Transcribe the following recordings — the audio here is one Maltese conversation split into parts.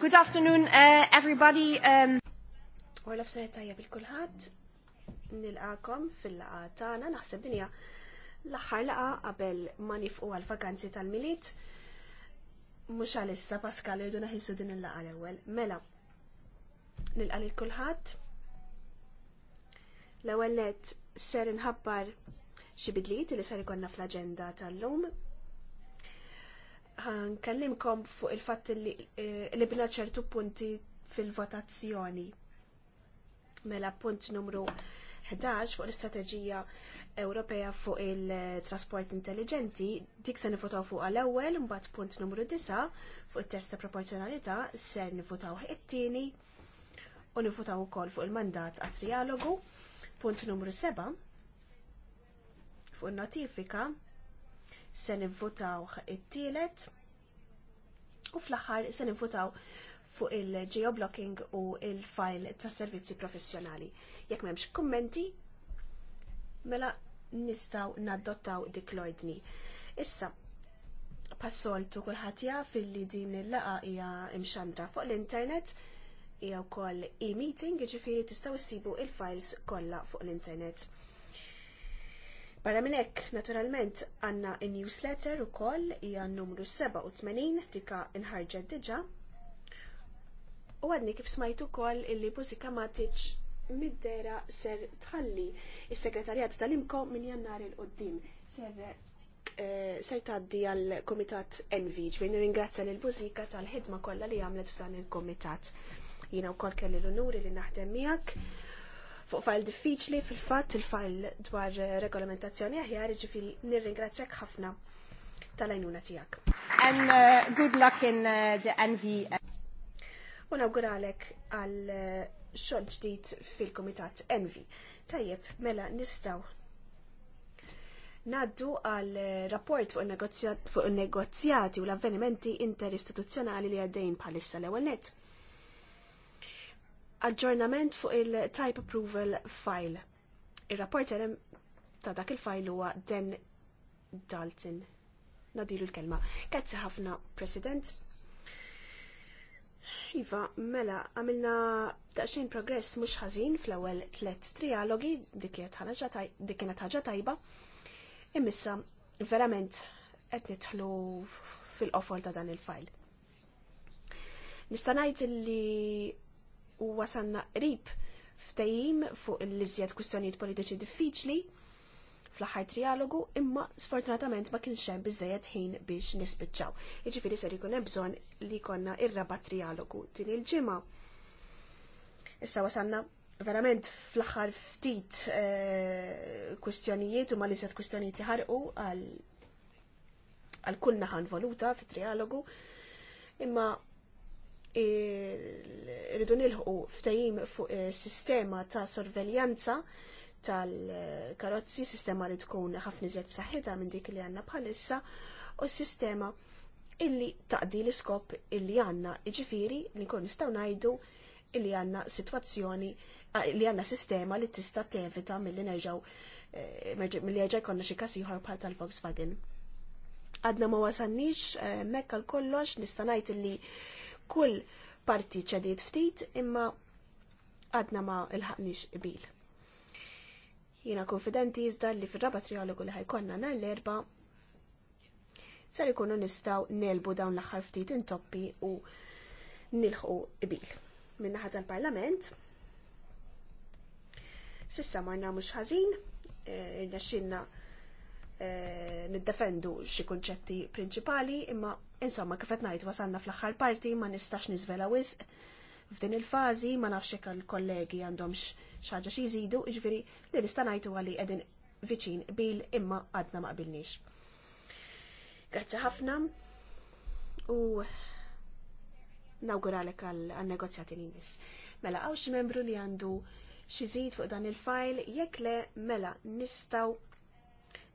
Good afternoon, uh, everybody. um, f-sena tajja bil-kulħat, nil-għakom fil-laqa tana, naħseb dinja l-axħar laqa qabel ma nifqu għal-vakanzi tal milit Mux għal-issa Pascal irdu naħissu din il-laqa l-ewel. Mela, nil-għal il-kulħat. L-ewel net ser nħabbar xibidliet li sar ikonna fl-agenda tal-lum ħankellimkom fuq il-fatt li, eh, li bina ċertu punti fil-votazzjoni. Mela punt numru 11 fuq l-istrateġija Ewropea fuq il-trasport intelligenti, dik se nifutaw fuq għal-ewwel, mbagħad punt numru 9 fuq it-test ta' proporzjonalità se nifutaw it-tieni u nifutaw ukoll fuq il-mandat għat trialogu, punt numru 7 fuq il-notifika se nivvutaw it-tielet u fl-aħħar se nivvutaw fuq il-geoblocking u il-file ta' servizzi professjonali. Jekk m'hemmx kummenti, mela nistaw naddottaw dik l ojdni Issa, passoltu kulħadd fil li din il-laqa hija imxandra fuq l-internet jew kol e-meeting, jiġifieri tistgħu issibu il-files kollha fuq l-internet. Barra minn hekk, naturalment, għandna in-newsletter ukoll hija n-numru 87 tika inħarġet diġà. U għadni kif smajtu ukoll illi Buzika Matic mid-dera ser tħalli is-segretarjat tal-imko minn jannar il-qoddim. Ser eh, ser taddi għal komitat Envi, ġbin ringrazzja lil Buzika tal-ħidma kollha li għamlet f'dan il-komitat. Jina wkoll kelli l unuri li naħdem miegħek fuq fajl diffiċli fil-fatt il-fajl dwar regolamentazzjoni aħjar ġifiri nirringrazzjak ħafna tal ajnuna tijak. And uh, good luck in uh, the NV. U nawguralek għal uh, xogħol ġdid fil-Kumitat Envi. Tajjeb, mela nistaw Naddu għal uh, rapport fuq il-negozjati u l-avvenimenti interistituzzjonali li għaddejn bħalissa l ewel net aġġornament fuq il-type approval file. Il-rapport ta' dak il-file huwa Den Dalton. Nadilu l-kelma. Kazzi ħafna, President. Iva, mela, għamilna daqxin progress mux ħażin fl-ewwel tlet trialogi, dik kienet ħaġa tajba. Immissa, verament, qed nidħlu fil-qofol ta' dan il-file. Nista' ngħid li u wasanna qrib ftehim fuq l-iżjed kwistjonijiet politiċi diffiċli fl-aħħar trialogu, imma sfortunatament ma kienx hemm biżejjed ħin biex nispiċċaw. Jiġifieri ser ikun hemm bżonn li konna ir-raba trialogu din il-ġimgħa. Issa wasanna verament fl-aħħar ftit eh, kwistjonijiet u ma iżjed kwistjonijiet ħarqu għal għal kull naħan voluta fit trialogu imma irridu nilħu ftajim fuq eh, sistema ta' sorveljanza tal-karozzi, sistema li tkun ħafna iżjed b'saħħitha minn dik li għandna bħalissa, u sistema illi taqdi l-iskop illi għandna Iġifieri li nkun nistgħu ngħidu illi għandna sitwazzjoni eh, li għandna sistema li tista' tevita milli nerġgħu eh, milli jerġa' jkollna xi każ ieħor bħal tal-Volkswagen. Għadna ma wasannix Mekk għal kollox nista' ngħid illi kull parti ċediet ftit imma għadna ma il-ħaqnix bil. Jina konfidenti jizda li fil-raba trialogu li ħajkonna nar l-erba sar ikunu nistaw nelbu dawn l-axar ftit intoppi u nilħu bil. Minna ħazza l-parlament, sissa marna mux ħazin, irnexxinna eh, Eh, niddefendu xi kunċetti prinċipali, imma insomma kif qed ngħid wasalna fl-aħħar parti ma nistax niżvela wisq f'din il-fażi ma nafx hekk il-kollegi għandhomx xi ħaġa xi jżidu, jiġifieri li nista' ngħidu li qegħdin viċin bil imma għadna ma qabilniex. Grazzi ħafna u nawguralek għal-negozjati li jmiss. Mela għaw xi membru li għandu xi żid fuq dan il-fajl jekk le mela nistgħu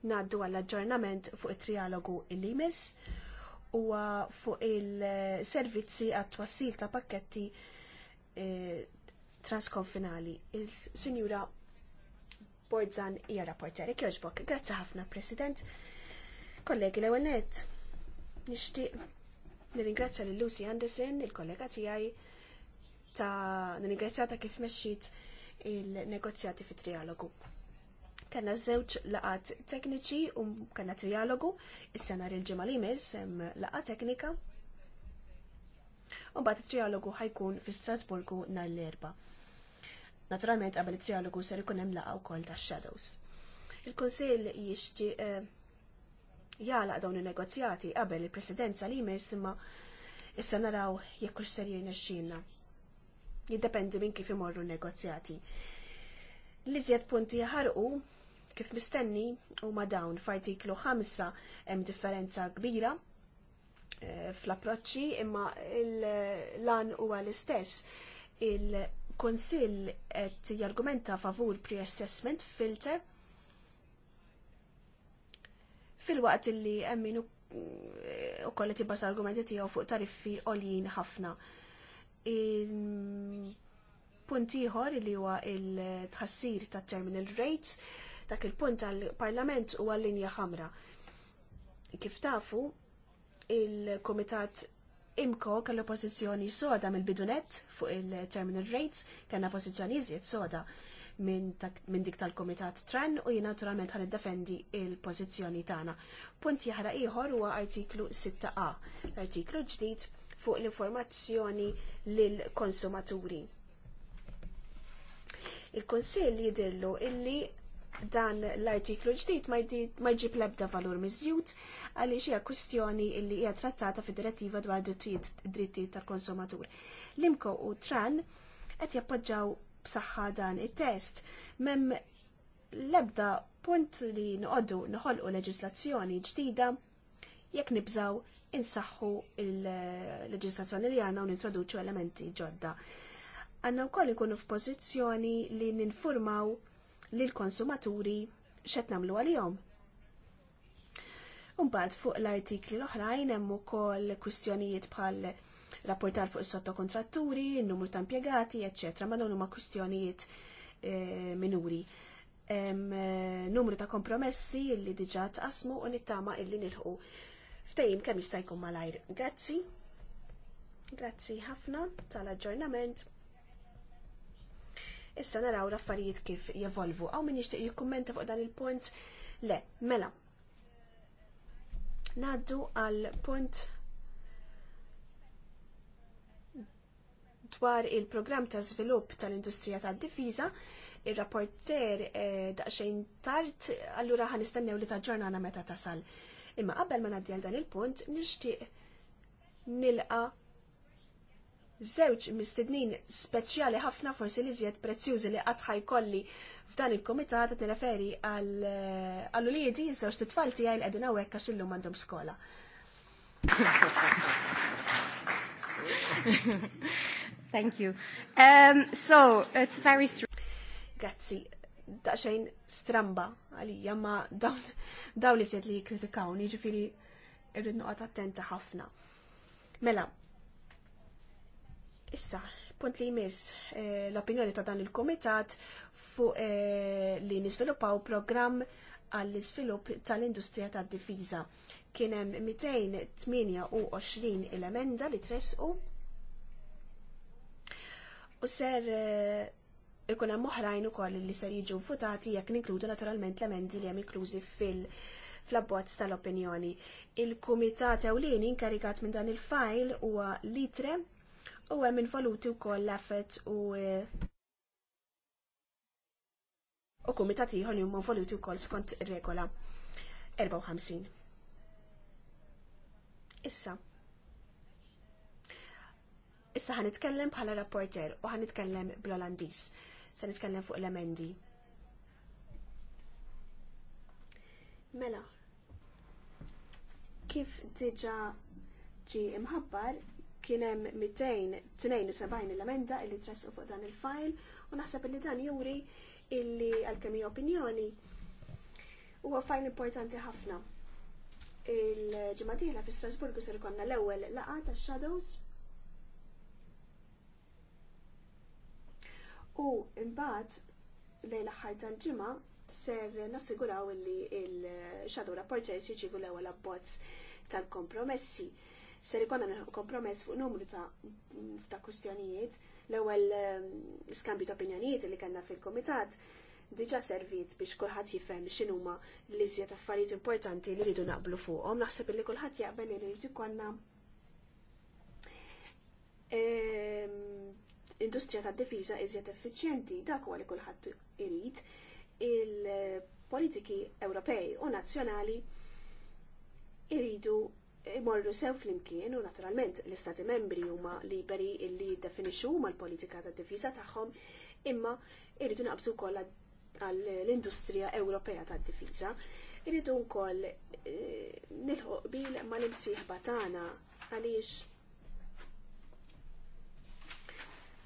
naddu għall-aġġornament fuq it-trialogu il jmiss u uh, fuq il-servizzi għat-twassil ta' pakketti eh, transkonfinali. Il-Sinjura Borzan hija rapporteri kjoġbok. Grazzi ħafna, President. Kollegi l-ewwel nett, nixtieq nirringrazzja lil Lucy Anderson, il-kollega tiegħi ta' nirringrazzjata kif meċċit il-negozjati fit-trialogu kena żewġ laqat tekniċi u kena trialogu, issa senar il-ġimgħa li jmiss hemm laqa teknika. U mbagħad it-trialogu ħajkun fi Strasburgu nhar l-erba. Naturalment qabel it-trialogu ser ikun hemm laqa wkoll tax-shadows. il konsil jixtieq uh, jalaq dawn il negozjati qabel il-Presidenza li jmiss imma issa naraw jekk hux ser jirnexxinna. Jiddependi minn kif imorru n-negozjati. L-iżjed punti ħarqu kif mistenni huma dawn f'artiklu 5 hemm differenza kbira eh, fl-approċċi imma l-lan huwa l-istess. il kunsill qed jargumenta favur pre-assessment filter fil-waqt li min u eh, kollet jibbas argumenti tiegħu fuq tariffi għoljin ħafna. Punt ieħor li huwa il-tħassir ta' terminal rates dak il-punt għall-Parlament u għall-linja ħamra. Kif tafu, il-Komitat Imko kellu pożizzjoni soda mill-bidunet fuq il-terminal rates, kellna pożizzjoni iżjed soda minn dik tal-Komitat Tran u jien naturalment ħan defendi il-pożizzjoni tagħna. Punt jaħra ieħor huwa artiklu 6a, l-artiklu ġdid fuq l-informazzjoni lil konsumaturi. Il-Konsill jidillu illi dan l-artiklu ġdid ma jġib l-ebda valur miżjud għaliex hija kwistjoni li hija trattata fid-direttiva dwar drittijiet tal-konsumatur. Limko u Tran qed jappoġġaw b'saħħa dan it-test. Mem l-ebda punt li noqogħdu noħolqu leġislazzjoni ġdida jekk nibżaw insaħħu il-leġislazzjoni li għandna u nintroduċu elementi ġodda. Għandna wkoll ikunu f'pożizzjoni li ninfurmaw l konsumaturi namlu nagħmlu għalihom. Umbagħad fuq l-artikli l-oħrajn hemm ukoll kwistjonijiet bħal rapportar fuq is-sottokontratturi, n-numru ta' impjegati, ecc. ma dawn huma kwistjonijiet eh, minuri. Eh, numru ta' kompromessi li diġà tqasmu u nittama illi nilħu Ftejim kemm jista' jkun malajr. Grazzi. Grazzi ħafna tal-aġġornament. Issa naraw l-affarijiet kif jevolvu. Għaw min jixtieq jikkummenta fuq dan il-punt? Le, mela. Naddu għal punt dwar il-programm ta' żvilupp tal-industrija tad-difiża il-rapporter eh, daqxejn tard, allura ħan istennew li taġġornana meta tasal. Imma qabel ma naddi għal dan il-punt, nixtieq nilqa żewġ mistednin speċjali ħafna forsi li żjed prezzjużi li qatt ħajkolli f'dan il-komitat qed nireferi eh, għal uliedi żewġ titfal tiegħi li qegħdin hawnhekk għax illum għandhom skola. Thank you. Um, so, it's very Grazzi, daqxajn stramba għalija ma dawn li zjed li kritikawni ġifiri irrid noqgħod attenta ħafna. Mela, Issa, punt li jmiss eh, l-opinjoni ta' dan il-komitat fuq eh, li nisviluppaw program għall-izvilupp tal-industrija tad difiża Kien hemm 228 il-emenda li tresqu u ser eh, ikun hemm oħrajn ukoll li ser jiġu votati jekk ninkludu naturalment l-emendi li hemm inklużi fil- fl-abbozz tal-opinjoni. Il-Kumitat Ewlieni inkarikat minn dan il-fajl huwa litre u hemm involuti wkoll l-affett u u kumitat ieħor li huma involuti wkoll skont regola 54. Issa. Issa ħanitkellem bħala rapporter u ħanitkellem bl-Olandiż. Se nitkellem fuq l-emendi. Mela, kif diġa ġi imħabbar, Kien hemm 272 l-emenda illi tressu fuq dan il-fajl u naħseb li dan juri illi għalkemm hija opinjoni huwa fajl importanti ħafna. Il-ġimgħa fi Strasburgu sir konna l-ewwel laqgħa tax-Shadows U imbagħad lejn l-aħħar tal-ġimgħa ser nassiguraw illi il-Shadow Rapporters jiġibu l-ewwel abbozz tal-kompromessi ser ikonna kompromess fuq numru ta' ta' kustjonijiet, l-ewwel ehm, skambju ta' opinjonijiet li kellna fil-komitat diġa servit biex kulħadd jifhem x'inhuma l-iżjed affarijiet importanti li rridu naqblu fuqhom. Naħseb li kulħadd jaqbel li rridu jkollna ehm, industrija tad difiża iżjed effiċjenti, dak huwa li kulħadd irid il-politiki Ewropej u nazzjonali iridu imorru sew flimkien u naturalment l-istati membri huma liberi illi jiddefinixxu huma l-politika tad difiża tagħhom imma irridu naqbsu wkoll għall-industrija Ewropea tad difiża Irridu wkoll eh, nilħu bil ma l-imsieħba tagħna għaliex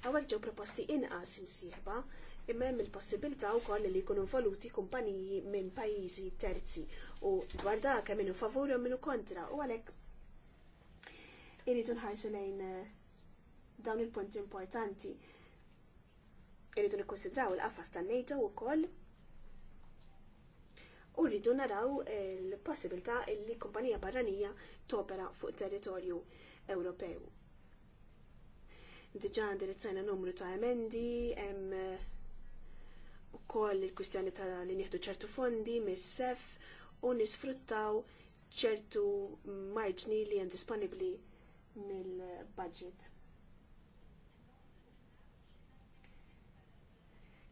Għawek ġew proposti inqas imsieħba imma hemm il-possibilità wkoll li jkunu voluti kumpaniji minn pajjiżi terzi u dwar dak hemm hu favur u minu kontra u għalhekk iridu nħarsu lejn eh, dawn il-punti importanti. Iridu nikkonsidraw il-qafas tan-NATO wkoll u rridu naraw il-possibilità li kumpanija barranija topera fuq territorju Ewropew. Diġa sajna numru ta' emendi, hemm eh, ukoll il-kwistjoni ta' li nieħdu ċertu fondi mis-sef u nisfruttaw ċertu marġni li hemm disponibbli mill-budget.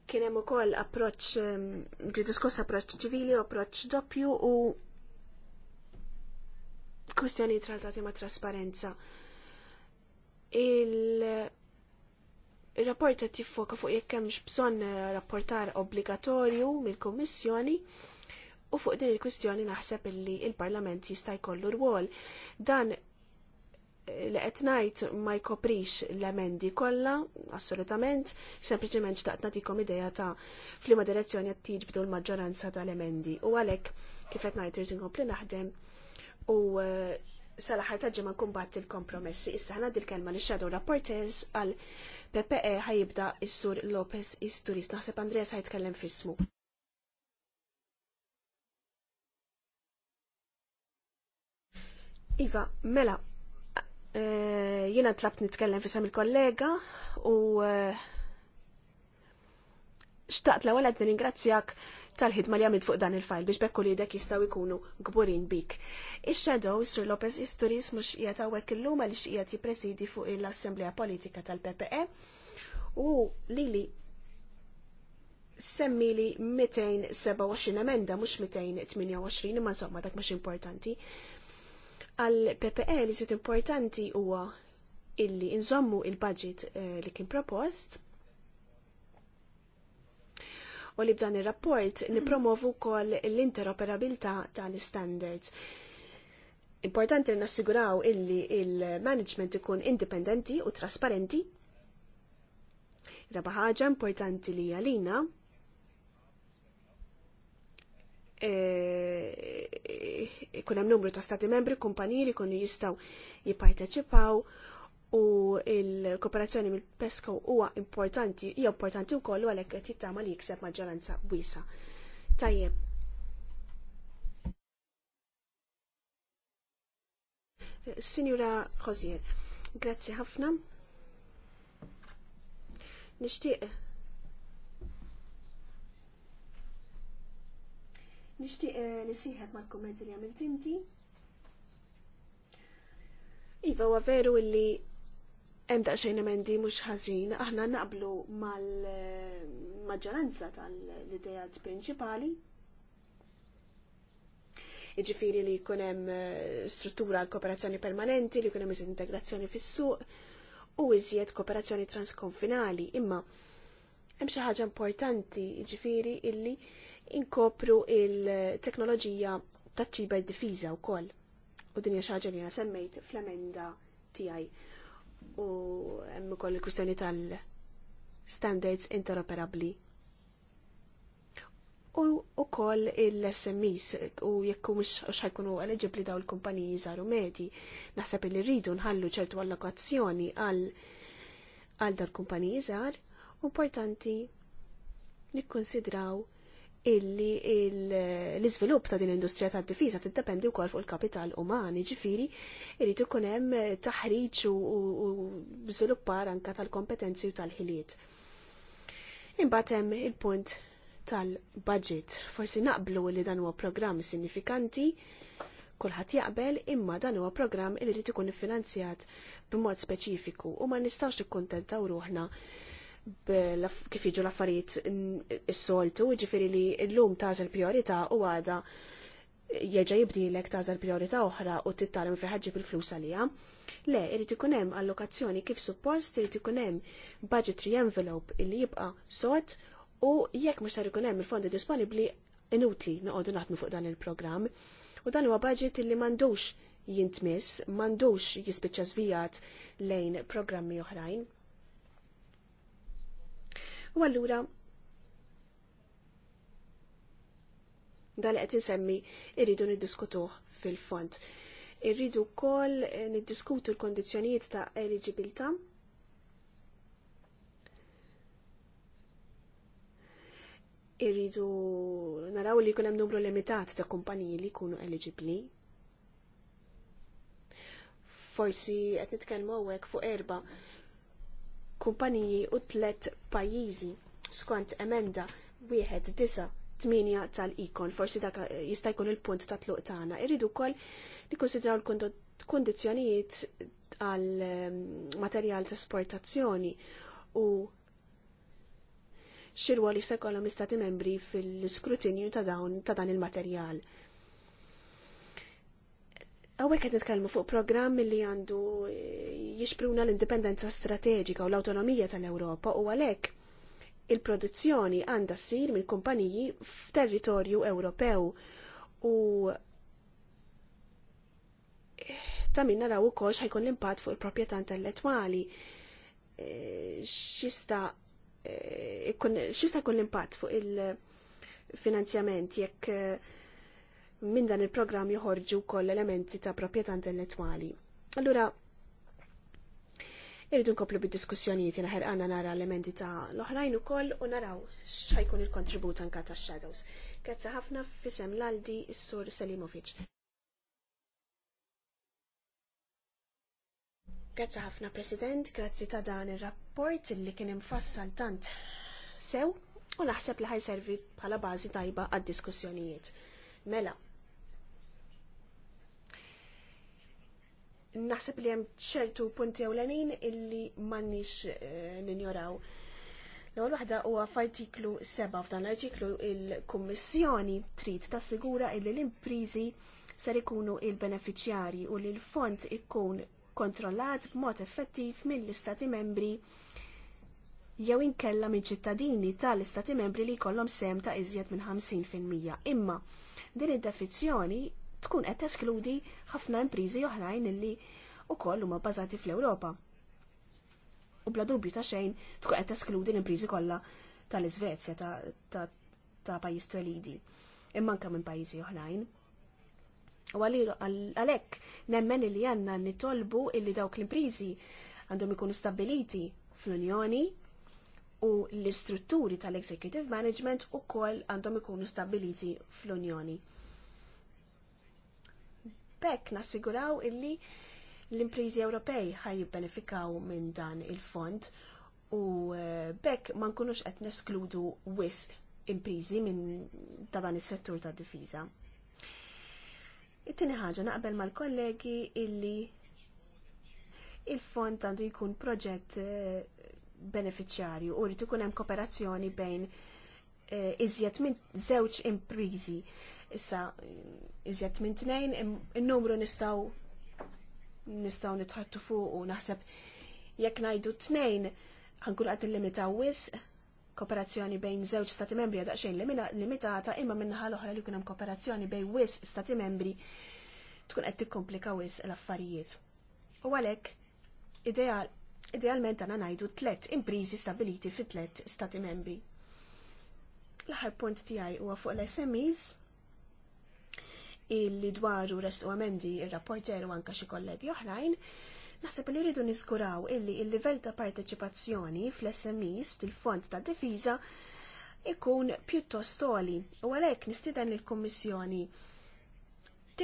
Kien hemm ukoll approċċ ġi diskuss approċċ ċivili u approċċ doppju u kwistjoni trattati ma' trasparenza. Il- Il-rapport qed jiffoka fuq jekk hemmx bżonn eh, rapportar obbligatorju mill-Kummissjoni u fuq din il-kwistjoni naħseb illi il-Parlament jista' jkollu rwol. Dan eh, li qed ngħid ma jkoprix l-emendi kollha, assolutament, sempliċement xtaqt nagħtikom idea ta' f'liema direzzjoni qed tiġbdu l-maġġoranza tal-emendi. U għalhekk kif qed ngħid irid inkompli naħdem u eh, sal-aħħar ta' ġimgħa nkun il-kompromessi. Issa ħana dil-kelma li shadow rapporters għal PPE ħajibda is-sur Lopez Isturis. Naħseb Andreas ħajtkellem fismu. Iva, mela, eh, jiena tlabt nitkellem fissam il-kollega u eh, xtaqt l ewwel għedni ingrazzjak tal-ħidma li għamilt fuq dan il-fajl biex bekku li dek jistaw ikunu gburin bik. Ix-shadow Sir Lopez Isturis mux qiegħed hawnhekk illum għaliex qiegħed jippresidi fuq l-Assembleja Politika tal-PPE u lili semmi li 227 emenda mhux 228 imma nsomma dak mhux importanti. Għal PPE li sit importanti huwa illi nżommu il-budget eh, li kien propost u li b'dan ir-rapport nipromovu kol l-interoperabilità tal-standards. Importanti nassiguraw illi il-management ikun indipendenti u trasparenti. Raba ħaġa importanti li għalina e, e, ikun hemm numru ta' stati membri, kumpaniji li jkunu jistgħu jipparteċipaw u il-kooperazzjoni mill-PESCO huwa importanti, hija importanti wkoll għalhekk qed jittama li jikseb maġġoranza wiesa. Tajjeb. Sinjura Rosier, grazzi ħafna. Nixtieq Nixtieq ma' eh, mal-kommenti li għamil tinti. Iva, u veru li Hemm daqsxejn emendi mhux ħażin, aħna naqblu mal-maġġoranza eh, tal-idejat prinċipali. iġifieri li jkun hemm eh, struttura għal kooperazzjoni permanenti, li jkun hemm integrazzjoni fis-suq u iżjed kooperazzjoni transkonfinali, imma hemm xi ħaġa importanti jiġifieri illi inkopru il-teknoloġija ta' ċiber difiża wkoll. U din hija xi ħaġa li semmejt fl-emenda tiegħi u hemm ukoll il-kwistjoni tal-standards interoperabbli. U ukoll il-SMEs u jekk mhux ħajkunu eligibbli daw il-kumpaniji żgħar u medji, naħseb li rridu nħallu ċertu allokazzjoni għal għal dal-kumpaniji żgħar, importanti nikkonsidraw illi l-iżvilupp ta' din l-industrija tad-difiża tiddependi wkoll fuq il-kapital uman, ġifieri irid ikun hemm taħriġ u żviluppar anka tal-kompetenzi u tal-ħiliet. Imbagħad hemm il-punt tal-budget. Forsi naqblu li dan huwa programm sinifikanti, kulħadd jaqbel imma dan huwa programm li jrid ikun iffinanzjat b'mod speċifiku u ma nistgħux nikkuntentaw ruħna kif jiġu l-affarijiet s soltu ġifiri li l-lum il priorità u għada jerġa' jibdilek tażel priorita oħra u tittalem fi ħaġġib il-flus għalija. Le, irid ikun hemm allokazzjoni kif suppost, irid ikun hemm budgetary envelope illi jibqa' sod u jekk mhux sar ikun hemm il-fondi disponibbli inutli noqogħdu naħdmu fuq dan il-programm. U dan huwa budget li m'għandux jintmiss, m'għandux jispiċċa zvijat lejn programmi oħrajn. U allura dal qed insemmi irridu niddiskutuh fil-fond. Irridu wkoll eh, niddiskutu l-kondizzjonijiet ta' eligibilta. irridu naraw li kunem numru limitat ta' kumpaniji li kunu eligibli. Forsi qed nitkellmu hawnhekk fuq erba' kumpaniji u tliet pajjiżi skont emenda wieħed tal-ikon, forsi dak jista' jkun il-punt ta' tluq tagħna. Irridu wkoll nikkonsidraw l-kondizzjonijiet għal ehm, materjal ta' esportazzjoni u xirwa li se jkollhom istati membri fil-iskrutinju ta' dawn ta' dan il-materjal. Għawek għed nitkellmu fuq program li għandu eh, jixpruna l-indipendenza strateġika u l-autonomija tal-Ewropa u għalek il-produzzjoni għanda ssir minn kumpaniji f'territorju Ewropew u eh, ta' minna raw ukoll ħajkun l-impatt fuq il-proprjetà intellettwali. Eh, xista jkun l-impatt fuq il-finanzjament jekk minn dan il-programm joħorġu koll elementi ta' proprjetà intellettwali. Allura, irridu nkomplu bid-diskussjonijiet jena ħerqana nara elementi ta' l-oħrajn u koll u naraw xħajkun il-kontribut anka ta' Shadows. Grazzi ħafna fisem l-Aldi s-sur Selimovic. Grazzi ħafna President, grazzi ta' dan il-rapport li kien imfassal tant sew u naħseb li ħajservi bħala bażi tajba għad-diskussjonijiet. Mela, naħseb li hemm ċertu punti ewlenin illi m'għandniex eh, ninjoraw. L-ewwel waħda huwa f'artiklu 7 f'dan l-artiklu il-Kummissjoni trid tassigura illi l-imprizi ser ikunu il-beneficjarji u li l-fond ikun kontrollat b'mod effettiv mill-Istati membri jew inkella minn ċittadini tal-Istati membri li jkollhom sem ta' iżjed minn 50%. Imma din id-definizzjoni tkun qed teskludi ħafna imprizi oħrajn illi wkoll huma bbażati fl-Ewropa. U bla dubju ta' xejn tkun qed teskludi l-imprizi kollha tal-Iżvezja ta' pajjiż twelidi, imma anke minn pajjiżi oħrajn. U għalhekk nemmen li għandna nitolbu illi dawk l-imprizi għandhom ikunu stabiliti fl-Unjoni u l-istrutturi tal-Executive Management ukoll għandhom ikunu stabiliti fl-Unjoni. B'hekk nassiguraw illi l-imprizi Ewropej ħaj benefikaw minn dan il-fond u eh, bekk ma nkunux qed neskludu wis imprizi minn ta' dan is-settur tad difiża. It-tieni ħaġa naqbel mal-kollegi illi il-fond għandu jkun proġett eh, beneficjarju u rrid ikun hemm kooperazzjoni bejn eh, iżjed minn żewġ imprizi issa iżjed minn tnejn, in-numru nistaw nistaw nitħattu fuq u naħseb jekk ngħidu tnejn ħankun qed illimitaw wis kooperazzjoni bejn żewġ stati membri għad xejn limitata imma minnaħa l-oħra li kunem hemm kooperazzjoni bejn wis stati membri tkun qed tikkomplika wis l-affarijiet. U għalhekk ideal idealment għana najdu tlet imprizi stabiliti fi tlet stati membri. L-ħar punt tijaj huwa fuq l-SMEs illi dwaru restu għamendi il-rapporter u anka xi kollegi oħrajn, naħseb li rridu niskuraw illi il-livell ta' parteċipazzjoni fl-SMEs fil-fond ta' difiża ikun pjuttost toli u għalhekk nistieden il kummissjoni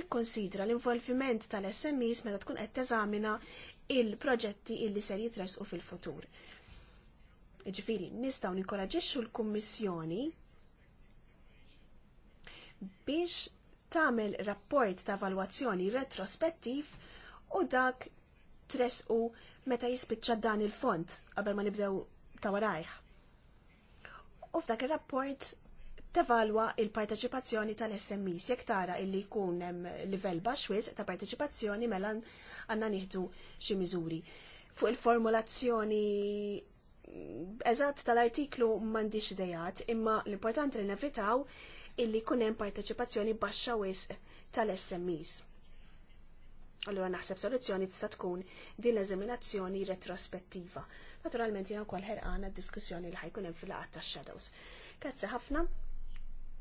tikkonsidra l-involviment tal-SMEs meta tkun qed teżamina il-proġetti illi ser jitresqu fil-futur. Ġifiri, nistgħu nikkoraġixxu l-Kummissjoni biex tagħmel rapport ta' valwazzjoni retrospettiv u dak u meta jispiċċa dan il-font qabel ma nibdew ta' U f'dak ir-rapport tevalwa il-parteċipazzjoni tal-SMEs jekk tara illi jkun hemm livell baxx wisq ta' parteċipazzjoni mela għandna nieħdu xi miżuri. Fuq il-formulazzjoni eżatt tal-artiklu m'għandix idejat, imma l-importanti li nevitaw illi jkun hemm parteċipazzjoni baxxa wisq tal-SMEs. Allura naħseb soluzzjoni tista' tkun din l-eżaminazzjoni retrospettiva. Naturalment jiena wkoll ħerqana d-diskussjoni li ħajkun hemm fil laqgħa tax-shadows. Grazzi ħafna.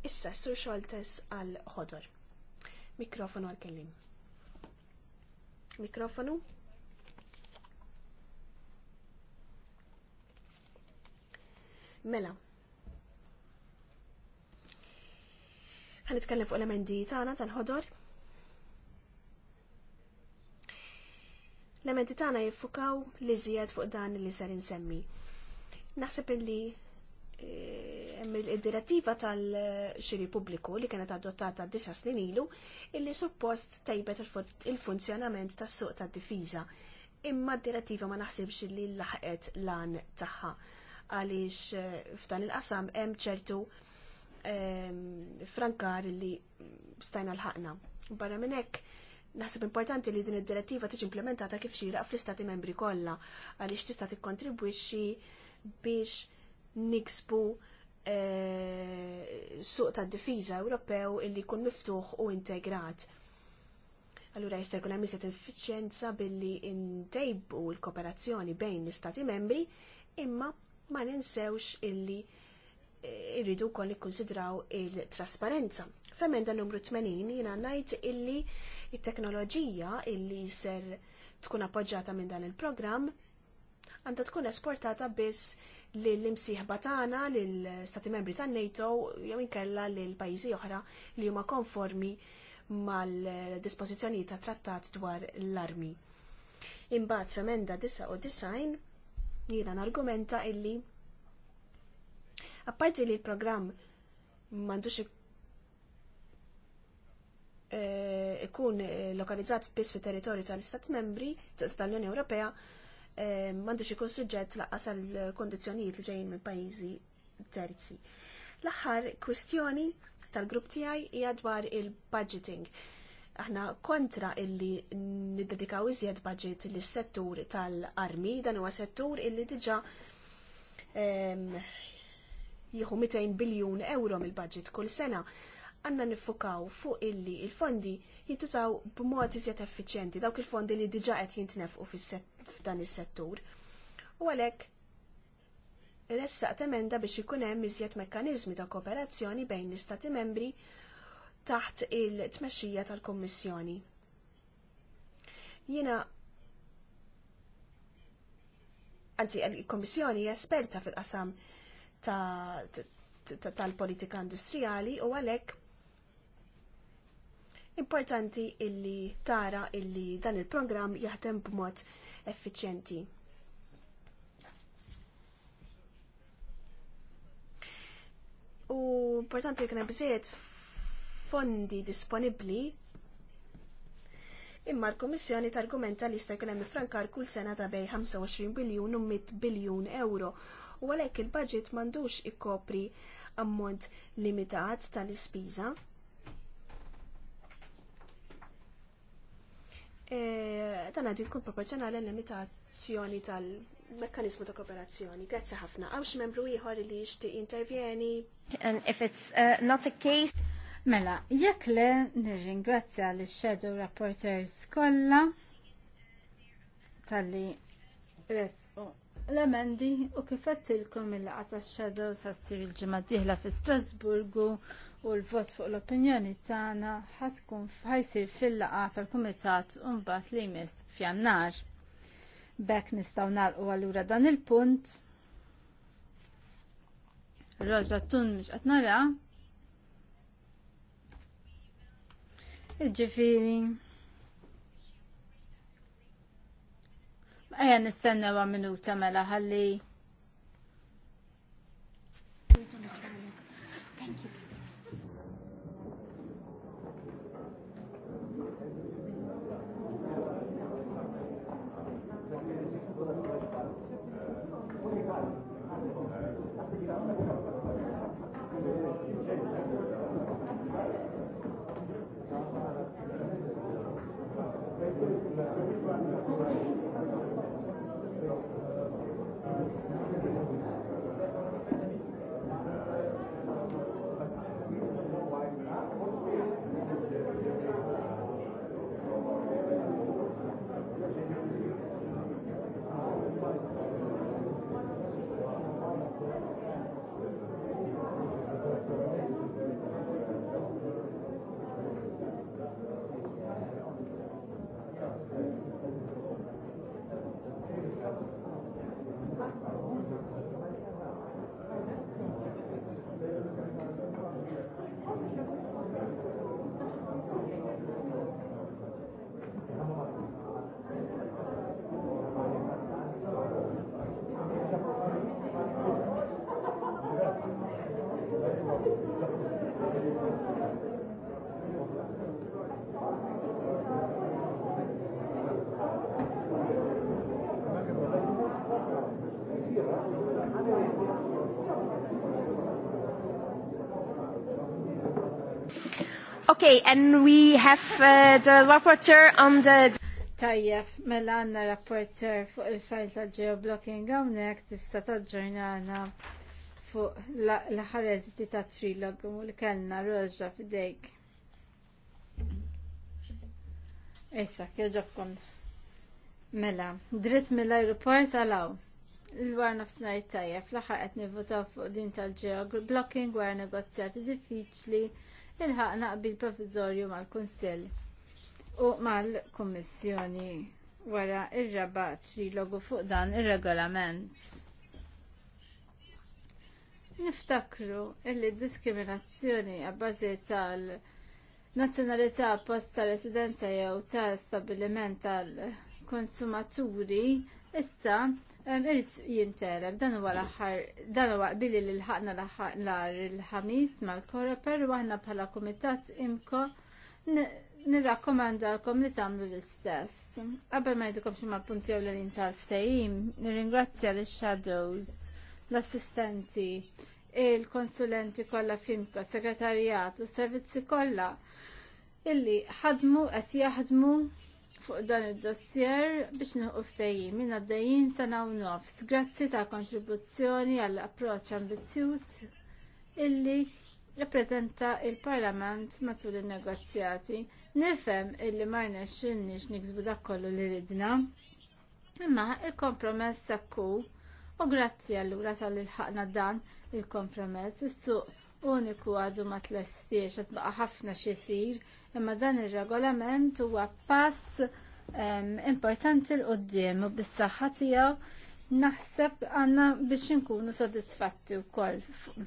Issa Sur Xoltes għal ħodor. Mikrofonu għal kellim. Mikrofonu. Mela, Għan nitkellem fuq l-emendi tagħna tal-ħodor. L-emendi tagħna jiffukaw li żjed fuq dan li ser insemmi. Naħseb illi e, id-direttiva tal-xiri pubbliku li kienet adottata disa snin ilu illi suppost tajbet il-funzjonament tas-suq tad-difiża. Imma d-direttiva ma naħsibx li laħqet lan tagħha għaliex e, f'dan il-qasam hemm ċertu frankar li stajna l-ħakna. Barra minn hekk naħseb importanti li din id-direttiva tiġi implementata kif xira fl-istati membri kollha għaliex tista' tikkontribwixxi biex niksbu e, suq d difiża Ewropew illi jkun miftuħ u integrat. Allura jista' jkun hemm iżjed effiċjenza billi ntejbu l-kooperazzjoni bejn l-istati membri imma ma ninsewx illi irridu kon nikkonsidraw il-trasparenza. Femenda numru 80 jina najt illi il-teknoloġija illi ser tkun appoġġata minn dan il-programm għandha tkun esportata biss lill-imsieħba tagħna lill-Stati Membri tan-NATO jew inkella l pajjiżi oħra li huma konformi mal-dispożizzjonijiet ta' trattat dwar l-armi. Imbagħad femenda 99 jiena nargumenta illi Apparti li l-programm m'għandux eh, ikun eh, lokalizzat biss fit territorju tal-Istat membri, tal-Unjoni Ewropea, eh, m'għandux ikun suġġett laqqas għal kundizzjonijiet li ġejjin minn pajjiżi terzi. L-aħħar kwistjoni tal-grupp tiegħi hija dwar il-budgeting. Aħna kontra illi niddedikaw iżjed budget lis settur tal-armi, dan huwa settur illi diġà ehm, jieħu 200 biljun euro mill-budget kull sena. Għanna nifukaw fuq illi il-fondi jintużaw b'mod iżjed effiċjenti dawk il-fondi li diġa qed jintnefqu f'dan is-settur. U għalhekk ressaqt emenda biex ikun hemm iżjed mekkaniżmi ta' kooperazzjoni bejn l-istati membri taħt il-tmexxija tal-Kommissjoni. Jiena anzi il-Kommissjoni esperta fil-qasam tal-politika industrijali u għalhekk importanti illi tara illi dan il-programm jaħdem b'mod effiċjenti. U importanti li kena bżiet fondi disponibbli imma l-Komissjoni targumenta li jista' jkun hemm ifrankar kull sena ta' bej 25 biljun u 100 biljun euro u għalhekk il-budget m'għandux ikkopri ammont limitat tal-ispiża. E, dan għandu jkun proporzjonali l-limitazzjoni tal-mekkanizmu ta' kooperazzjoni. Grazzi ħafna. Għawx membru ieħor li jixtieq intervjeni. And if it's uh, not a case. Mela, jekk le nirringrazzja l shadow Rapporters kollha tal-li Oh l-emendi u kifett ilkom il laqgħa ta' shadow sa' sir il-ġimma diħla fi Strasburgu u l-vot fuq l-opinjoni tagħna ħatkun ħajsir fil-laqa tal-Kumitat u mbagħad li jmiss f'jannar. B'hekk nistgħu nagħlqu allura dan il-punt. Roġa tun mhux qed nara. Jiġifieri. Eja nistennewa minuta mela ħalli Okay, and we have uh, the rapporteur on the... Tajjeb, mela għanna rapporter fuq il-fajl tal-geoblocking għamnek tista taġġornana fuq l-ħarreziti ta' trilog u l-kellna roġa f'dejk. Issa, kjoġobkom. Mela, dritt mill-aeroport għalaw. Il-war nafsnar tajjeb, fl ħar qed nivvotaw fuq din tal-geoblocking war negozjati diffiċli il-ħaqna bil provizorju mal-Kunsill u mal-Kummissjoni wara ir li trilogu fuq dan ir-regolament. Niftakru illi diskriminazzjoni għabbażi tal- Nazzjonalità post ta' residenza jew ta' stabiliment tal-konsumaturi issa Irrit jintelem, dan huwa l-aħħar, dan huwa qbili li l ħakna l-ħar il-ħamis mal-kora, perru għahna bħala kumitat imko nirrakkomandalkom li tamlu l-istess. Qabel ma jdukom xi punti jew l għin tal-ftehim, nirringrazzja l shadows l-assistenti, il-konsulenti kollha fimko, segretarjat u servizzi kollha illi ħadmu qed jaħdmu fuq dan id-dossier biex nħuq ftejjim minn għaddejjin sena u nofs. Grazzi ta' kontribuzzjoni għall approċċ ambizzjuż illi rappresenta il-Parlament matul il-negozjati. Nifhem illi ma rnexxinniex niksbu dak kollu li ridna. Imma il-kompromess sakku u grazzi allura tal-ilħaqna dan il-kompromess is-suq uniku għadu ma tlestiex għatbaqa ħafna xisir imma dan ir-regolament huwa pass importanti l-qoddim u bis-saħħa tiegħu naħseb għandna biex inkunu sodisfatti wkoll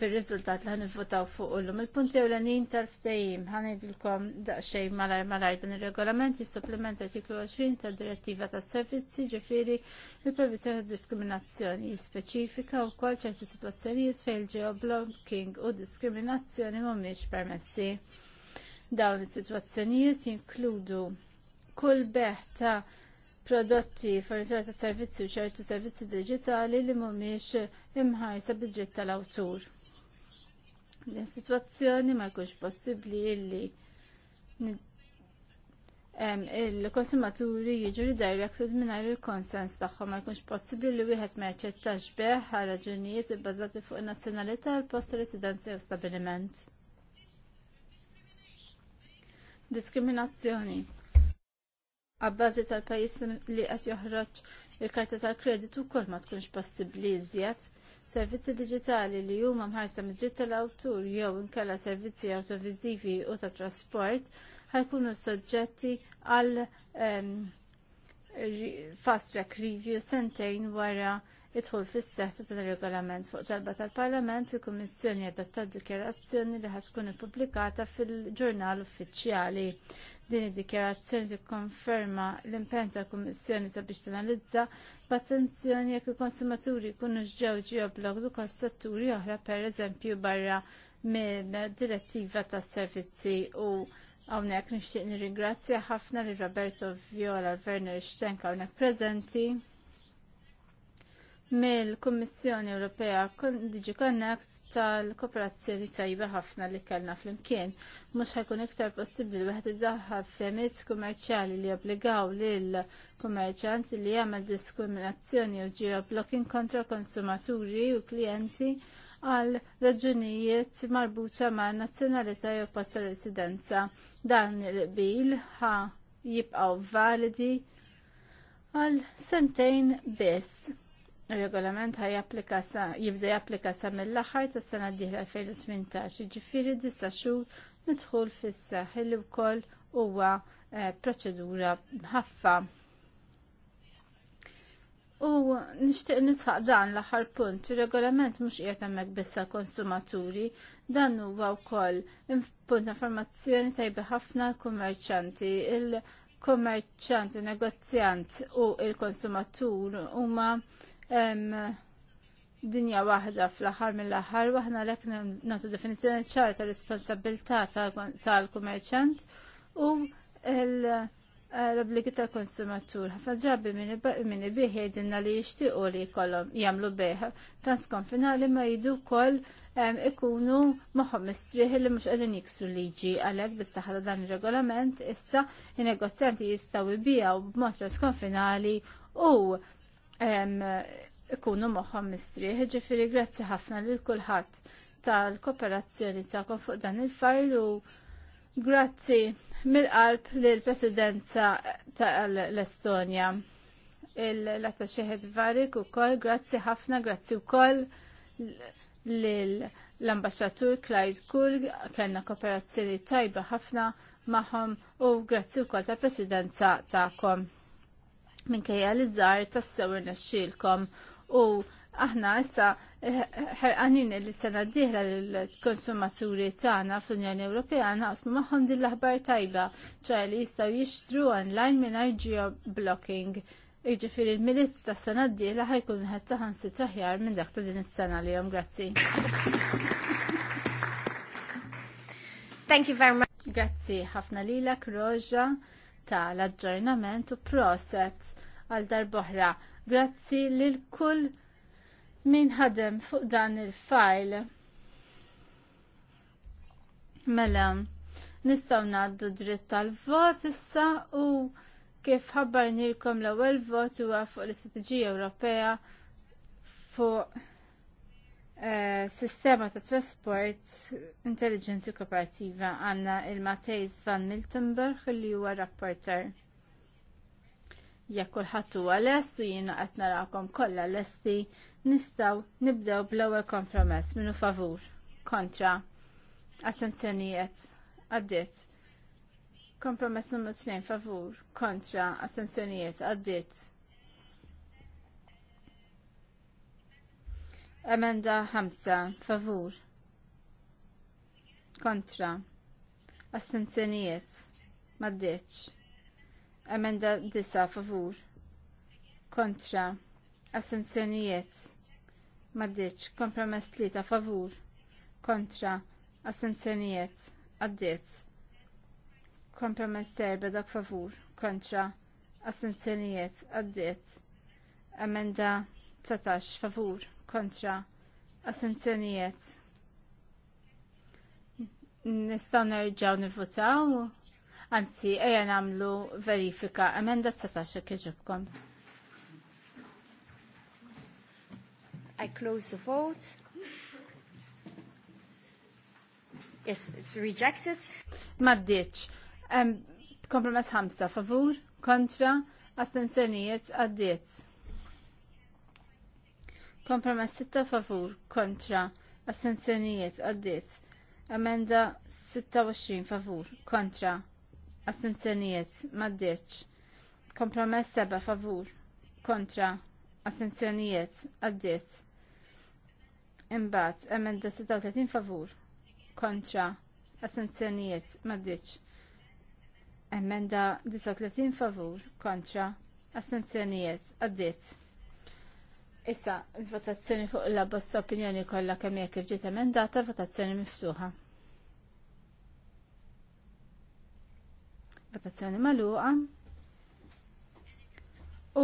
bir-riżultat li ħanivvotaw fuq illum. Il-punti ewlenin tal-ftehim ngħidilkom daqsxejn malaj malaj dan ir-regolament jissupplement artiklu 20 tad-Direttiva tas-Servizzi ġifieri il-prevenzjoni tad diskriminazzjoni speċifika wkoll ċerti sitwazzjonijiet fejn il-geoblocking u diskriminazzjoni mhumiex permessi. Dawn is-sitwazzjonijiet jinkludu kull beħ ta' prodotti fornitura ta' servizzi u ċertu servizzi digitali li mhumiex imħarsa bil dritt tal-awtur. Din sitwazzjoni ma jkunx possibbli illi il-konsumaturi jiġu redirected mingħajr il-konsens tagħhom ma jkunx possibbli li wieħed ma jaċċettax beħ għal raġunijiet ibbażati fuq in-nazzjonalità l post residenza jew stabiliment diskriminazzjoni għabbażi tal-pajis li qed joħroġ il-karta tal-kreditu kol ma tkunx possibbli iżjed. Servizzi digitali li huma mħarsa mid-dritt tal-awtur jew inkella servizzi autovizivi u ta' trasport ħajkunu soġġetti għal ehm, fast track review sentejn wara jidħol fis-seħħ tal-regolament fuq talba tal-Parlament il-Kummissjoni adattat dikjarazzjoni li ħaskun ippubblikata fil-ġurnal uffiċjali. Din id-dikjarazzjoni tikkonferma l-impenn tal-Kummissjoni sabiex tanalizza b'attenzjoni jekk il-konsumaturi jkunu ġew ġew blogdu kol setturi oħra pereżempju barra minn direttiva tas-servizzi u Għawnek nishtiq nirringrazzja ħafna li Roberto Viola Werner Stenka għawnek prezenti mill-Kummissjoni Ewropea Digi Connect tal-kooperazzjoni tajba ħafna li kellna flimkien. Mhux ħajkun iktar possibbli wieħed idaħħal semiz kummerċjali li obbligaw lil kummerċant li jagħmel diskriminazzjoni u geoblocking kontra konsumaturi u klijenti għal raġunijiet marbuta ma' nazzjonalità jew posta residenza. Dan il-bil ħa jibqgħu validi għal sentejn biss regolament ħaj japplika sa, jibda japplika sa mill-axar ta' sena d-dihla 2018, ġifiri disa xur midħul fissa saħ li wkoll huwa eh, proċedura mħaffa. U nixtieq nisħaq dan l-aħħar punt, ir-regolament mhux qiegħed hemmhekk konsumaturi, dan huwa wkoll punt informazzjoni tajba ħafna l-kummerċanti. Il-kummerċanti, negozjant u il-konsumatur huma dinja waħda fl-aħħar mill-aħħar waħna lek nagħtu definizzjoni ċar ta' responsabilità tal-kummerċant u eh, l-obbligi tal-konsumatur. Ħafna drabi minni biħi dinna li jixtiequ li jkollhom jagħmlu bih. Transkonfinali ma jidu wkoll ikunu moħħom mistriħi li mhux qegħdin jiksu liġi għalhekk bissa ħadha dan ir-regolament issa in-negozjanti jistgħu jbijaw b'mod transkonfinali u ikunu moħħom Mistri. ġifiri grazzi ħafna lil kulħadd tal-kooperazzjoni tagħkom fuq dan il-fajl u grazzi mill-qalb lil presidenza tal-Estonja l-attaxeħed varik u koll, grazzi ħafna, grazzi u koll l-ambasċatur Clyde Kull, kena kooperazzjoni tajba ħafna maħom u grazzi u koll ta' presidenza ta'kom minkejja li żgħar tassew naxxilkom u aħna issa eh, ħerqanin li sena d-dieħla l-konsumaturi tagħna fl-Unjoni Ewropea naqsmu magħhom din l-aħbar tajba, ċaj li jistgħu jixtru online mingħajr geoblocking. Jiġifieri il-milizz ta' sena diħla ħajkun wieħed taħan sitraħjar aħjar minn dak ta' din is-sena li jom grazzi. Thank you very much. Grazzi ħafna lilek ta' l aġġornament u process għal darboħra. Grazzi lil kull min ħadem fuq dan il-fajl. Mela, nistaw naddu dritt tal-vot issa u kif ħabbarnilkom l-ewwel vot huwa fuq l-Istrateġija Ewropea fuq eh, sistema ta' trasport intelligenti kooperativa għanna il-Matejs van Miltenberg li huwa rapporter. Jekk kulħadd huwa lest u jiena qed narakom kollha lesti, nistgħu nibdew bl-ewwel kompromess minnu favur kontra attenzjonijiet għaddiet. Kompromess numru tnejn favur kontra attenzjonijiet għaddiet. Emenda ħamsa favur kontra astenzjonijiet maddiċ. Emenda disa favur kontra assenzjonijiet maddiċ kompromess tlieta favur kontra assenzjonijiet għaddiet kompromess serba dak favur kontra assenzjonijiet għaddiet emenda 19 favur kontra assenzjonijiet nistaw nerġaw nivvotaw Anzi, eja namlu verifika. Emenda 19 kieġibkom. I close the vote. Yes, it's rejected. Maddiċ. Um, kompromess ħamsa, favur, kontra, astenzjonijiet, għaddiet. Kompromess sitta, favur, kontra, astenzjonijiet, għaddiet. Amenda 26, favur, kontra, astenzjonijiet maddiċ. Kompromess seba favur kontra astenzjonijiet għaddiet. Imbagħad emenda 36 favur kontra astenzjonijiet maddiċ. Emenda 39 favur kontra astenzjonijiet għaddiet. Issa, il-votazzjoni fuq il abbozza opinjoni kollha kemm jekk ġiet emendata, votazzjoni miftuħa. votazzjoni maluqa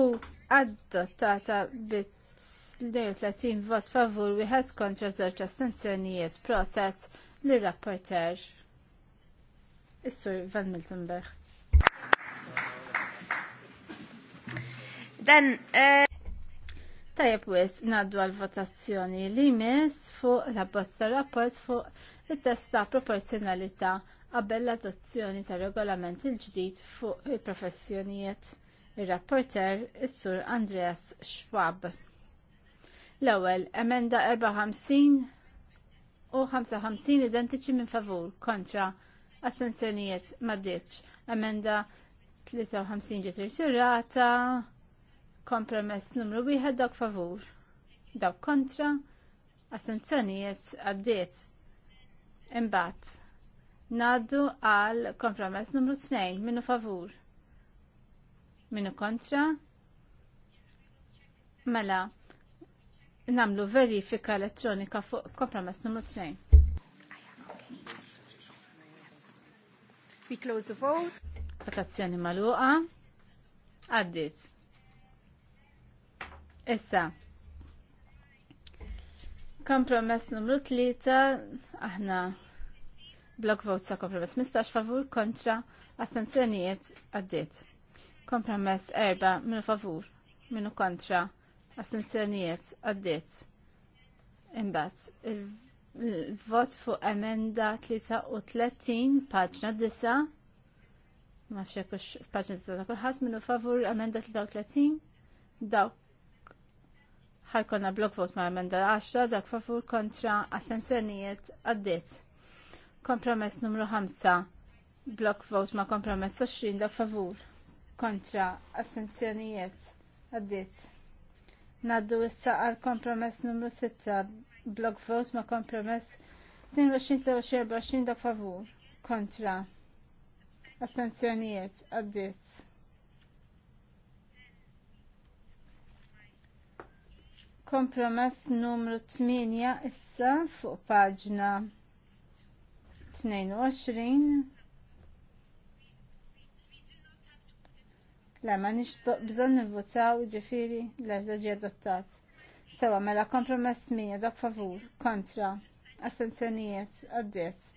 u adottata bit 30 vot favur wieħed kontra żewġ astenzjonijiet proċess lir rapporter Is-Sur Van Miltenberg. Dan uh... Eh, Tajab wis naddu għal votazzjoni li mis fuq la bosta rapport fuq it-testa proporzjonalità qabel l-adozzjoni tar regolament il-ġdid fuq il-professjonijiet ir-rapporter il ġdid fuq il professjonijiet ir rapporter is sur Andreas Schwab. L-ewwel emenda 54 u 55 identiċi minn favur kontra astenzjonijiet m'għaddiex. Emenda 53 ġiet irsurata, kompromess numru 1 dawk favur, dawk kontra, astenzjonijiet għaddiet. Imbagħad Naddu għal kompromess numru 2, minnu favur. Minnu kontra. Mela, namlu verifika elettronika fuq kompromess numru 2. We close the vote. Votazzjoni maluqa. Għaddit. Issa. Kompromess numru 3, aħna Block vote sa' kompromess 15 favur kontra astenzjonijiet għaddit. Kompromess 4 minu favur minu kontra astenzjonijiet għaddit. Imbagħad il-vot fuq emenda 33 paġna 9 ma fxekux f'paġna 9 ta' kulħadd minu favur emenda 33 dawk ħalkonna blok vot ma' emenda 10 dak favur kontra astenzjonijiet għaddit. Kompromess numru 5. Block vote ma' kompromess 20 da' favur. Kontra assenzjonijiet Għaddit. Naddu issa għal kompromess numru 6. Block vote ma' kompromess 22-24 da' favur. Kontra assenzjonijiet Għaddit. kompromess numru 8 issa fuq paġna 22 La ma nix bżon nivvotaw ġifiri l-ġoġi adottat. Sewa mela kompromess minja dak favur, kontra, astenzjonijiet, għaddiet.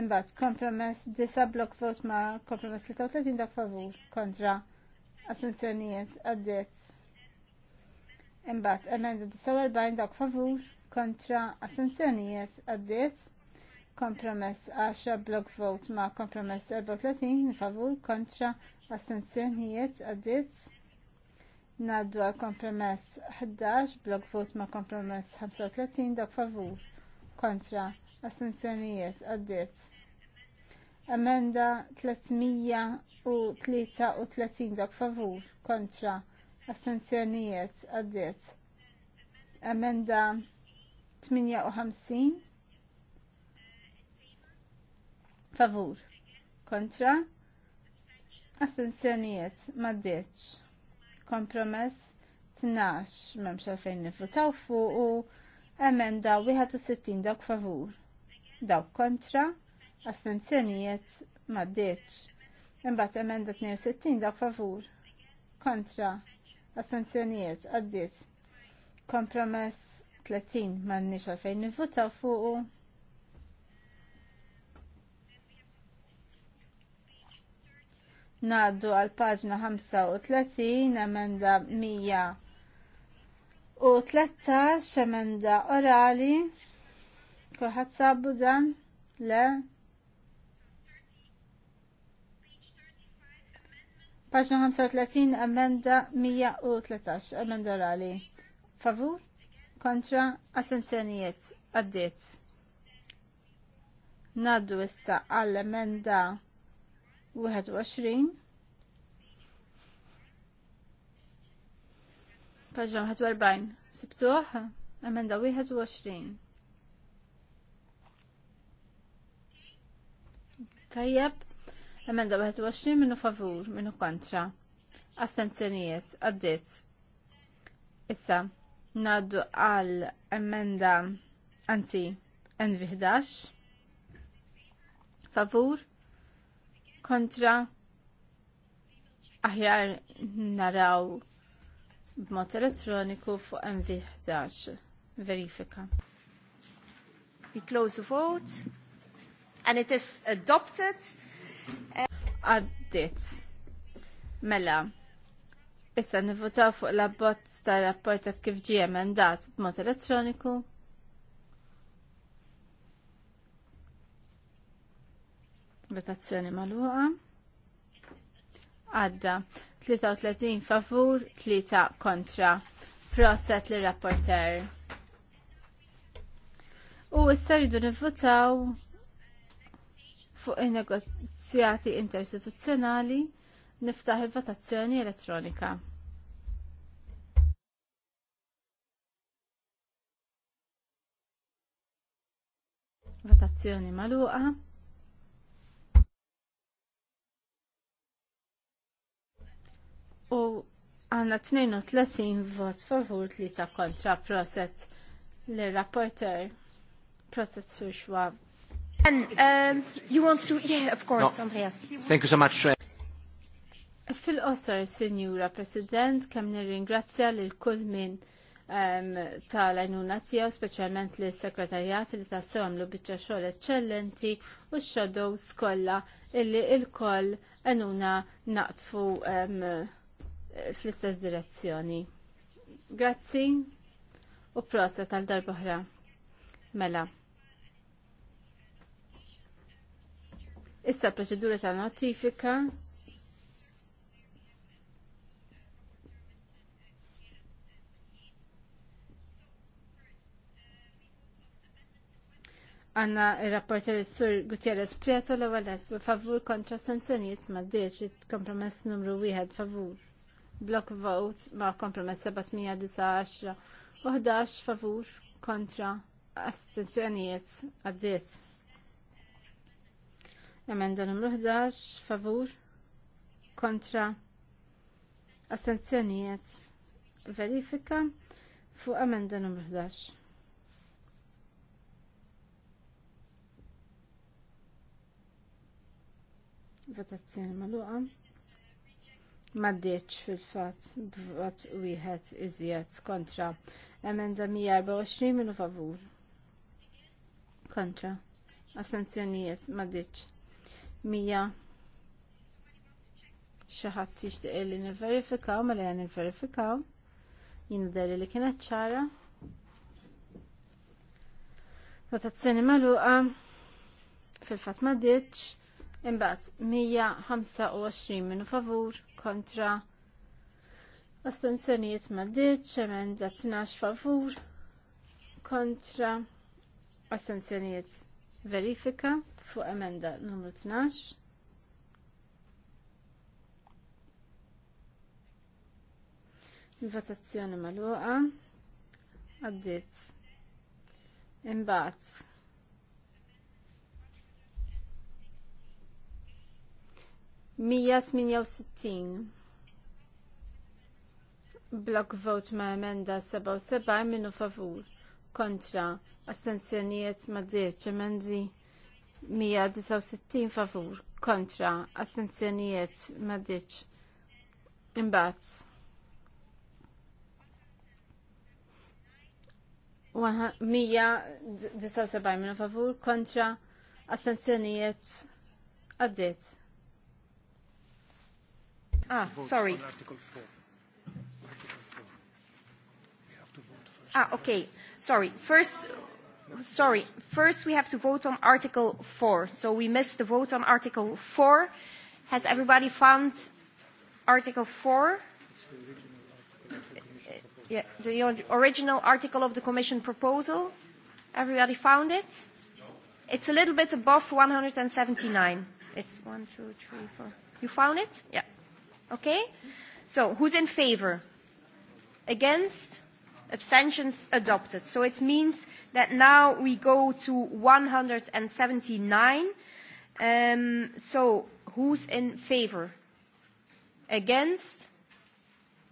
Imbat, kompromess disa blok vot ma kompromess li tawtletin dak favur, kontra, astenzjonijiet, għaddiet. Imbat, emenda disa dak favur, kontra, astenzjonijiet, għaddiet kompromess 10 block vote ma' kompromess 34 favur kontra astenzjonijiet għaddit naddu għal kompromess 11 block vote ma' kompromess 35 dak favur kontra astenzjonijiet għaddit Amenda 333 dak favur kontra astenzjonijiet għaddit Amenda 58 Favur. Kontra. Astenzjonijiet. Maddeċ. Kompromess. 12. Memx għalfejn nifutaw fuq u emenda 61 dawk favur. Dawk kontra. Astenzjonijiet. Maddeċ. Imbat emenda 62 dawk favur. Kontra. Astenzjonijiet. Għaddit. Kompromess 30 man nix għalfejn nifutaw fuq u Naddu għal paġna 35, emenda 13 emenda orali. Kulħadd sabu dan? Le? Paġna 35, emenda 113, emenda orali. Favur? Kontra? Attenzjonijiet? Għaddiet. Naddu issa għall-emenda 21 Paġġa 41 Sibtuħ Emenda 21 Tajjeb Emenda 21 minnu favur, minnu kontra. Astenzjonijiet, għaddit. Issa, naddu għal emenda, anzi, NV11. Favur, kontra aħjar naraw b'mod elettroniku fuq MV11 verifika. We close the vote and it is adopted. Għaddit. Mela, issa nivvotaw fuq l-abbozz ta' rapport kif ġie emendat b'mod elettroniku. Votazzjoni maluqa. Għadda. 33 favur, 3 kontra. Proset li rapporter. U issa rridu nivvotaw fuq il-negozjati interistituzzjonali niftaħ il-votazzjoni elettronika. Votazzjoni maluqa. u għanna 32 vot favur 3 kontra proset li rapporter proset suxwa. And um, you want to, yeah, of course, no. Andrea. Thank you so much. Fil-qosor, Sinjura President, kemm nirringrazzja lil kull min um, tal-għajnuna tiegħu, speċjalment lis sekretarjat li tassew għamlu biċċa xogħol eċċellenti u x-shadows kollha illi il-koll għajnuna naqtfu um, fl-istess direzzjoni. Grazzi u prosa tal-darba oħra. Mela. Issa proċedura ta' notifika Għanna il-rapporter sur Gutierrez Prieto l-għalet favur kontra sanzjoniet ma' deċi kompromess numru 1 favur block vote ma' kompromess 719 u 11 favur kontra astenzjonijiet għaddiet. Emenda numru 11 favur kontra astenzjonijiet verifika fuq emenda numru 11. Votazzjoni maluqa maddiċ fil-fat b'vot wieħed iżjed kontra emenda 124 minu favur. Kontra. Astenzjonijiet maddiċ. 100 xaħat jixtieq li nivverifikaw mela jan nivverifikaw. Jien dalli li kienet ċara. Votazzjoni magħluqa fil-fatt maddiċ imbagħad 125 minu favur kontra astenzjonijiet ma ditx, emenda 12 favur kontra astenzjonijiet verifika fuq emenda numru 12. Votazzjoni maluqa għaddit imbagħad 168 Block vote ma' emenda 77 minnu favur kontra astenzjonijiet ma' 10 emendi 169 favur kontra astenzjonijiet ma' 10 imbagħad 179 minu favur kontra astenzjonijiet għaddiet Ah, sorry. Ah, okay. Sorry. First, sorry. First, we have to vote on Article 4. So we missed the vote on Article 4. Has everybody found Article 4? Yeah, the original article of the Commission proposal. Everybody found it? It's a little bit above 179. It's one, two, three, four. You found it? Yeah. Okay? So, who's in favor? Against? Abstentions adopted. So it means that now we go to 179. Um, so, who's in favor? Against?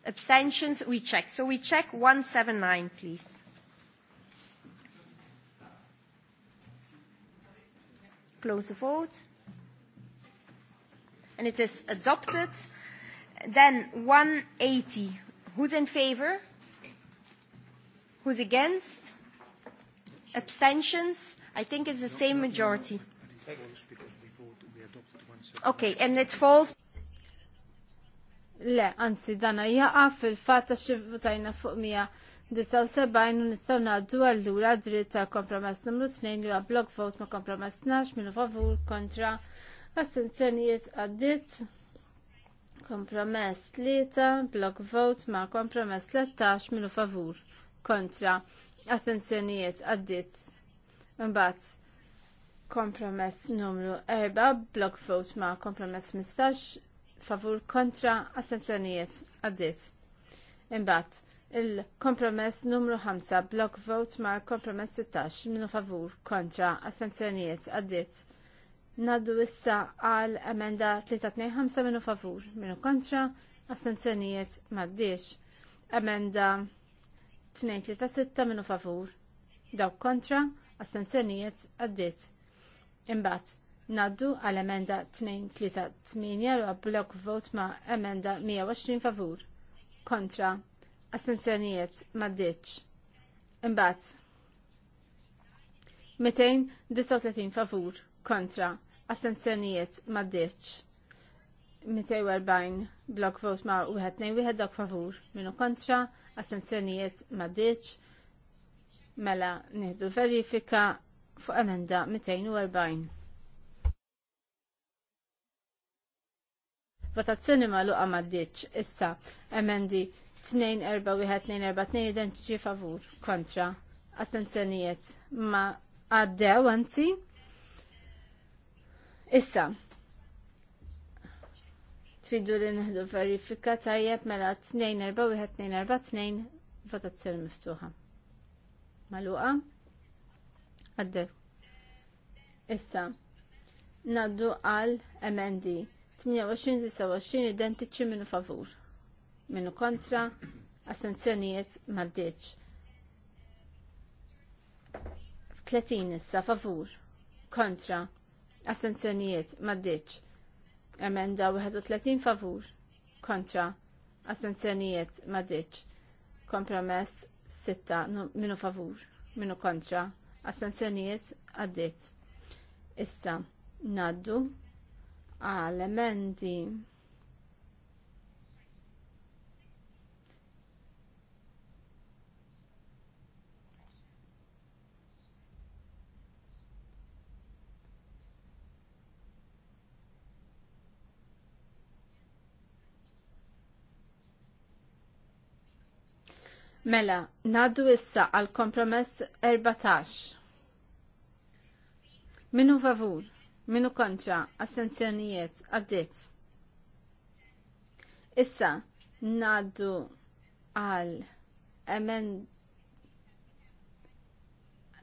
Abstentions, we check. So we check 179, please. Close the vote. And it is adopted. Then 180. Who's in favor? Who's against? Abstentions? I think it's the same majority. Okay, and it falls. Le, anzi, dana jaqa fil-fat ta' xivvutajna fuq 179 u nistaw naddu għallura dritt ta' kompromess numru 2 li għablok vot ma' kompromess 12 minn favur kontra astenzjonijiet għaddit kompromess tlieta, block vote ma' kompromess 13 minu favur kontra astenzjonijiet għaddit. Imbagħad kompromess numru 4, block vote ma' kompromess 15 favur kontra astenzjonijiet għaddit. Imbagħad il-kompromess numru 5, block vote ma' kompromess 16 minu favur kontra astenzjonijiet għaddit. Naddu issa għal emenda 325 minu favur, minu kontra, assenzjonijiet maddiex. Emenda 236 minu favur, dawk kontra, assenzjonijiet għaddit. Imbat, naddu għal emenda 238 u blok vot ma emenda 120 favur, kontra, astenzjonijiet maddiex. Imbat, 239 favur, kontra, attenzjonijiet ma ddiċ. 240 blok vote ma' u ħetnej wieħed dak favur minu kontra, attenzjonijiet ma' diċ, mela nieħdu verifika fuq emenda 240. Votazzjoni ma' luqa ma' diċ, issa emendi 24242 identiċi favur kontra, attenzjonijiet ma' għaddew għanzi. Issa, tridu li nħdu verifika tajjeb mela 2-4-1-2-4-2 votazzjoni miftuħa. Maluqa? Għadde. Issa, naddu għal MND 28-29 identiċi minu favur, Minu kontra, assenzjonijiet maddeċ. 30 issa favur, kontra, astenzjonijiet maddiċ. Emenda 31 favur kontra astenzjonijiet maddiċ. Kompromess 6 minu favur minu kontra astenzjonijiet għaddit. Issa naddu għal emendi Mela, naddu issa għal kompromess 14. Minu favur, minu kontra, astenzjonijiet, għaddit. Issa, naddu għal emen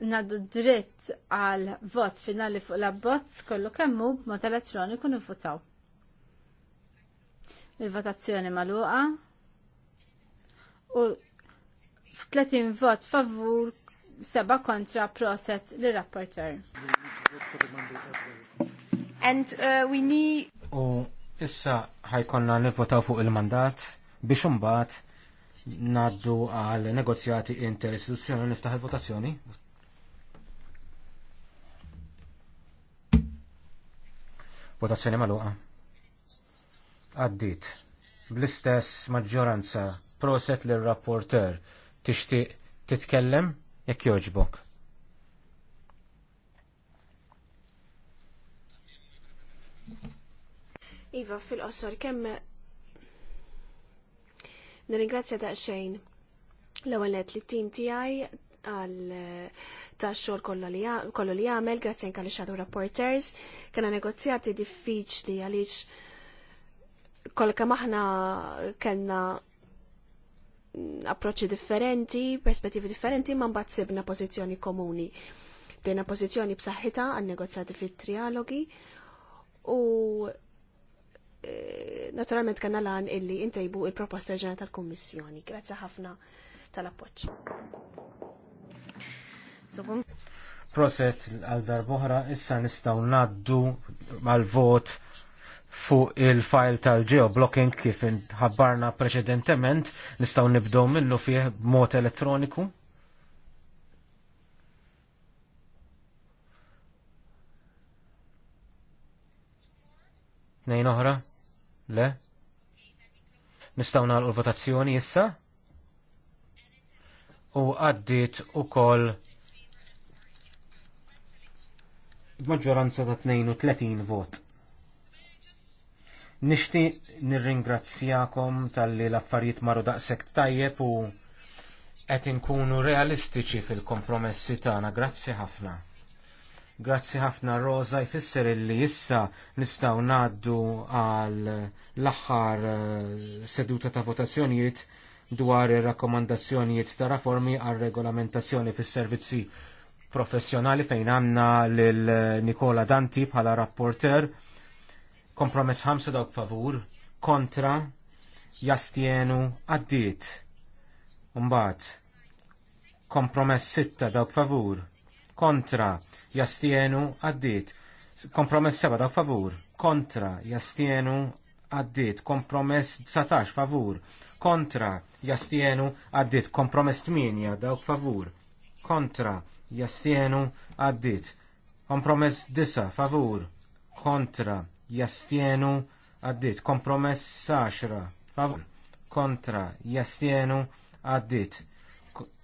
naddu dritt għal vot finali fuq l-abbozz kollu kemmu b'mod elettroniku nifutaw. Il-votazzjoni maluqa u 30 vot favur, 7 kontra proset li rapporter. And uh, we need... U issa ħajkonna nivvotaw fuq il-mandat biex umbat naddu għal negozjati interistituzzjoni niftaħ il-votazzjoni. Votazzjoni maluqa. Għaddit. Bl-istess maġġoranza proset l-rapporter tixtieq titkellem jekk jogħġbok. Iva, fil-qosor, kemm nirringrazzja daqsxejn l-ewwel li t-tim tiegħi għal ta' xol kollu li għamel, grazzjen anka xadu rapporters, kena negozjati diffiċli għalix kolka maħna kena approċċi differenti, perspettivi differenti, ma mbagħad sibna pożizzjoni komuni. Dejna pożizzjoni b'saħħitha għan negozjati fit-trialogi u e, naturalment kanna lan illi intejbu il-proposta ġena tal kummissjoni Grazzi ħafna tal appoġġ Proset għal darbohra issa nistaw naddu għal vot fuq il-file tal-geoblocking kif ħabbarna preċedentement nistgħu nibdew minnu fih b'mod elettroniku. Nejn oħra? Le? Nistgħu nagħlqu l-votazzjoni issa? U u ukoll Il-maġġoranza ta' 32 vot. Nixtieq nirringrazzjakom talli l-affarijiet maru daqshekk tajjeb u qed inkunu realistiċi fil-kompromessi tagħna. Grazzi ħafna. Grazzi ħafna Rosa jfisser illi issa nistgħu ngħaddu għal l-aħħar eh, seduta ta' votazzjonijiet dwar ir-rakkomandazzjonijiet ta' reformi għal regolamentazzjoni fis-servizzi professjonali fejn għandna lil Nikola Danti bħala rapporter Kompromess ħamsa dawk favur, kontra, jastienu, għaddiet. Umbat, kompromess sitta, dawk favur, kontra, jastienu, għaddiet. Kompromess seba dawk favur, kontra, jastienu, għaddiet. Kompromess 19 favur, kontra, jastienu, għaddiet. Kompromess 8 dawk favur, kontra, jastienu, għaddiet. Kompromess 9 favur, kontra, jastienu għaddit. Kompromess 10 favur kontra jastienu għaddit.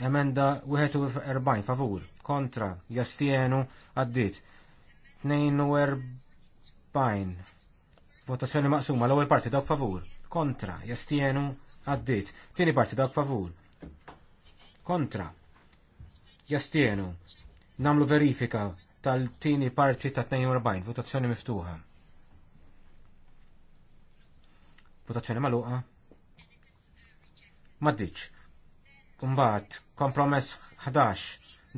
Emenda 41 favur kontra jastienu għaddit. 42 votazzjoni maqsuma l-ewwel parti dawk favur kontra jastienu għaddit. Tieni parti dawk favur kontra jastienu namlu verifika tal-tieni parti ta' 42 votazzjoni miftuħa. Votazzjoni maluqa. Maddiċ. Umbat, kompromess 11,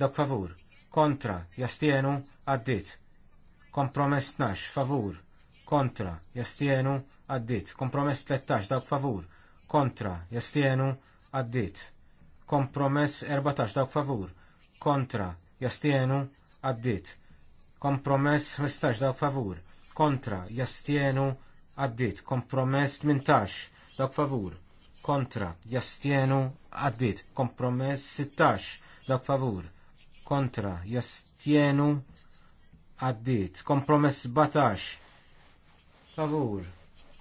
dak favur, kontra, jastienu, għaddit. Kompromess 12, favur, kontra, jastienu, għaddit. Kompromess 13, dak favur, kontra, jastienu, għaddit. Kompromess 14, dak favur, kontra, jastienu, għaddit. Kompromess 15, dak favur, kontra, jastienu, għaddit, kompromess 18 dak favur, kontra, jastienu għaddit, kompromess 16 dak favur, kontra, jastienu għaddit, kompromess 17 favur,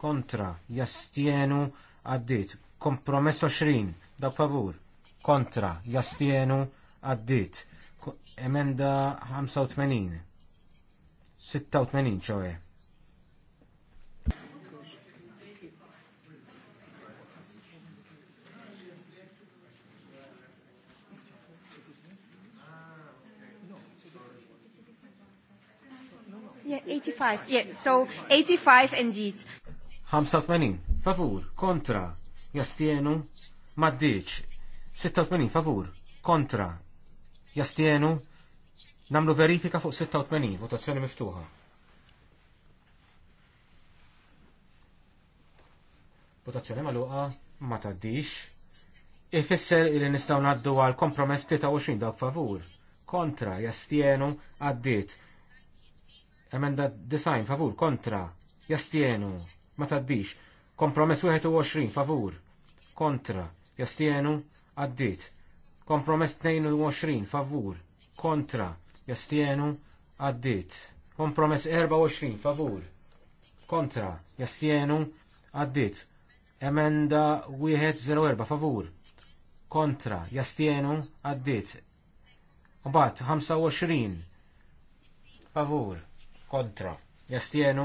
kontra, jastienu għaddit, kompromess 20 dak favur, kontra, jastienu għaddit, emenda 85. 86 ċoħe. 85, yeah, so 85 indeed. 85, favur, kontra, jastienu, maddiċ. 86, favur, kontra, jastienu, namlu verifika fuq 86, votazzjoni miftuħa. Votazzjoni maluqa, ma taddix. Ifisser il nistaw naddu għal kompromess 23 dawk favur. Kontra, jastienu, għaddit. Emenda design favur kontra jastienu ma taddix. Kompromess 21 favur kontra jastienu għaddit. Kompromess 22 favur kontra jastienu għaddit. Kompromess 24 favur kontra jastienu għaddit. Emenda 104 favur kontra jastienu għaddit. Mbagħad 25 favur kontra, jastienu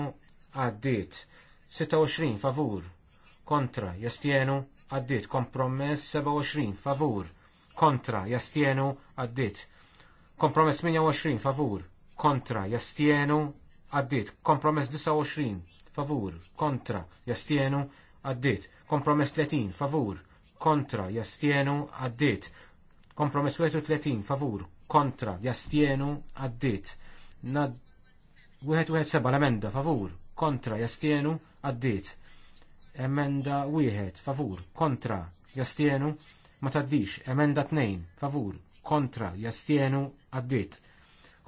għaddit. 26 favur, kontra, jastienu għaddit. Kompromess 27 favur, kontra, jastienu għaddit. Kompromess 28 favur, kontra, jastienu għaddit. Kompromess 29 favur, kontra, jastienu għaddit. Kompromess 30 favur, kontra, jastienu għaddit. Kompromess 31 favur, kontra, jastienu għaddit. Nad Wieħed wieħed seba' l-emenda favur kontra jastienu għaddiet. Emenda wieħed favur kontra jastienu ma taddix. Emenda tnejn favur kontra jastienu għaddiet.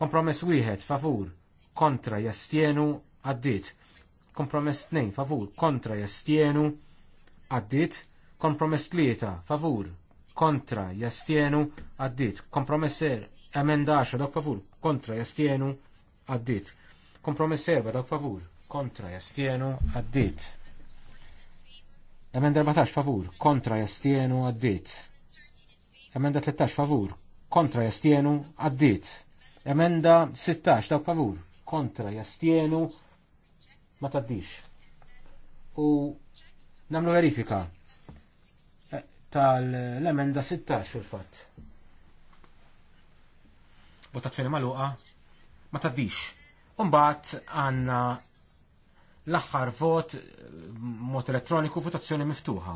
Kompromess wieħed favur kontra jastienu għaddiet. Kompromess tnejn favur kontra jastienu għaddiet. Kompromess tlieta favur kontra jastienu għaddiet. Kompromess er, emenda 10 dok favur kontra jastienu għaddiet Kompromess serba, daw favur kontra jastienu għaddit. Emenda 14 favur kontra jastienu għaddit. Emenda 13 favur kontra jastienu għaddit. Emenda 16 daw favur kontra jastienu ma taddix. U namlu verifika eh, tal-emenda 16 fil-fatt. Votazzjoni maluqa ma taddix. Umbat għanna l-axħar vot mod elettroniku votazzjoni miftuħa.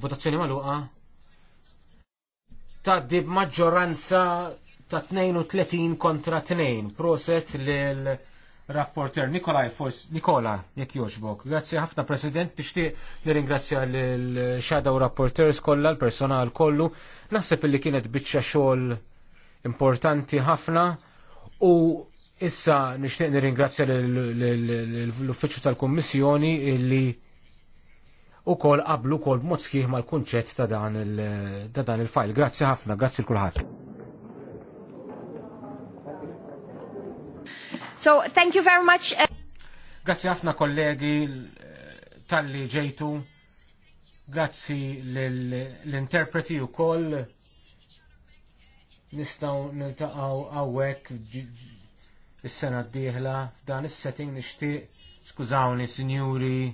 Votazzjoni maluqa ta' dib maġġoranza ta' 32 kontra 2. Proset lil rapporter Nikolaj Fos. Nikola, jek joġbok. Grazzi ħafna, President, tixtieq nirringrazzja l-Shadow Rapporters kollha, l-personal kollu. Naħseb li kienet biċċa xogħol importanti ħafna u issa nixtieq nirringrazzja l-Uffiċċju tal-Kummissjoni li u kol qablu kol b'mod mal-kunċett ta' dan il-fajl. Grazzi ħafna, grazzi l-kulħadd. So, thank you very much. Eh. Grazzi ħafna kollegi tal-li ġejtu. Grazzi l-interpreti u koll. Nistaw niltaqaw għawek is-sena d-dieħla f'dan is-setting nixtieq skużawni sinjuri.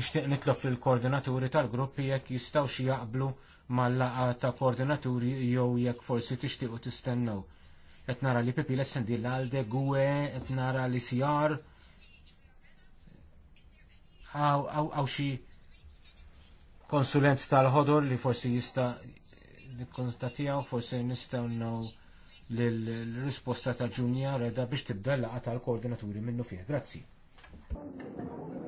Nixtieq nitlob lill koordinaturi tal-gruppi jekk jistgħu xi jaqblu mal-laqa ta' koordinaturi jew jekk forsi tixtiequ tistennew. Qed nara li Pipi l-essendi l-għalde, gwe, qed nara li sijar. Għaw xi konsulent tal-ħodor li forsi jista' tiegħu forsi nistgħu l-risposta ta' ġunja reda biex tibda l laqa tal-koordinaturi minnu fih. Grazzi.